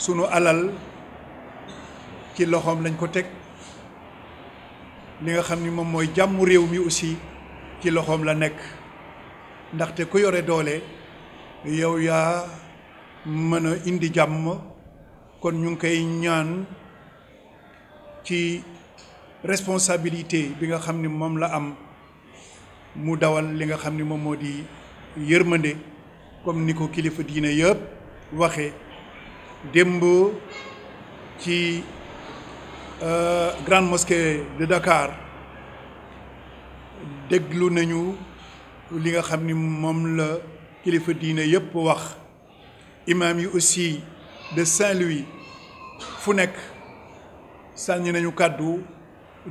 sunu alal ci loxoom lañ ko teg li nga xam ni moom mooy jàmm réew mi aussi ci loxoom la nekk ndaxte ku yore doole yow yaa mën a indi jàmm kon ñu ngi koy ñaan ci responsabilité bi nga xam ni moom la am mu dawal li nga xam ni moom moo di yërmande comme ni ko kilifa diine yëpp waxe démb ci euh, grande mosquée de Dakar déglu nañu li nga xam ni moom la kilifa diine yëpp wax imam yi aussi de Saint-Louis fu nekk sànni nañu kàddu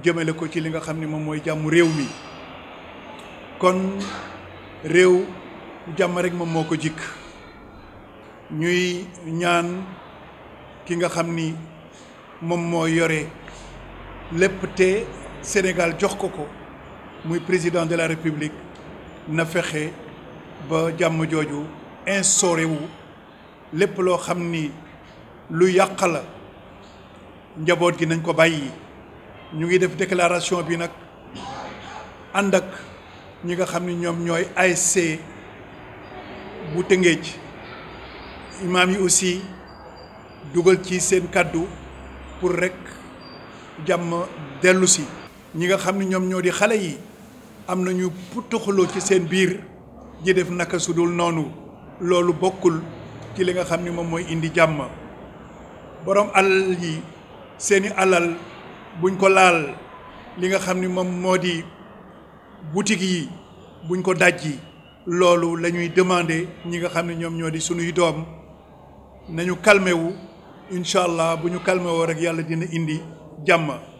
jëmale ko ci li nga xam ni moom mooy jàmm réew mi kon réew jàmm rek moom moo ko jikk ñuy ñaan ki nga xam ni moom moo yore lépp te Sénégal jox ko ko muy président de la République na fexe ba jàmm jooju instauré wu lépp loo xam ni lu yàq la njaboot gi nañ ko bàyyi ñu ngi def déclaration bi nag ànd ak ñi nga xam ni ñoom ñooy ASC bu Tëngéej imaam yi aussi dugal ci seen kàddu pour rek jàmm dellu si ñi nga xam ni ñoom ñoo di xale yi am nañu puttaxaloo ci seen biir ji def naka su dul noonu loolu bokkul ci li nga xam ni moom mooy indi jàmm borom alal yi seeni alal buñ ko laal li nga xam ni moom moo di boutique yi buñ ko dajji loolu lañuy ñuy ñi nga xam ne ñoom ñoo di suñuy doom nañu calmé wu incha allah bu ñu calmé woo rek yàlla dina indi jàmm.